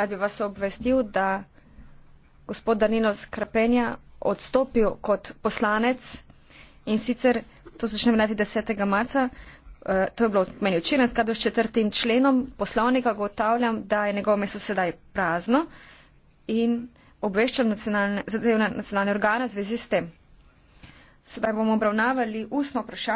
Rad bi vas obvestil, da gospod Danilo Skrapenja odstopil kot poslanec in sicer to začne vnati 10. marca. Eh, to je bilo meni včeraj skladu s četrtim členom poslovnika, gotavljam, da je njegovo mesto sedaj prazno in obveščam nacionalne, zadevne nacionalne organe v zvezi s tem. Sedaj bomo obravnavali ustno vprašanje.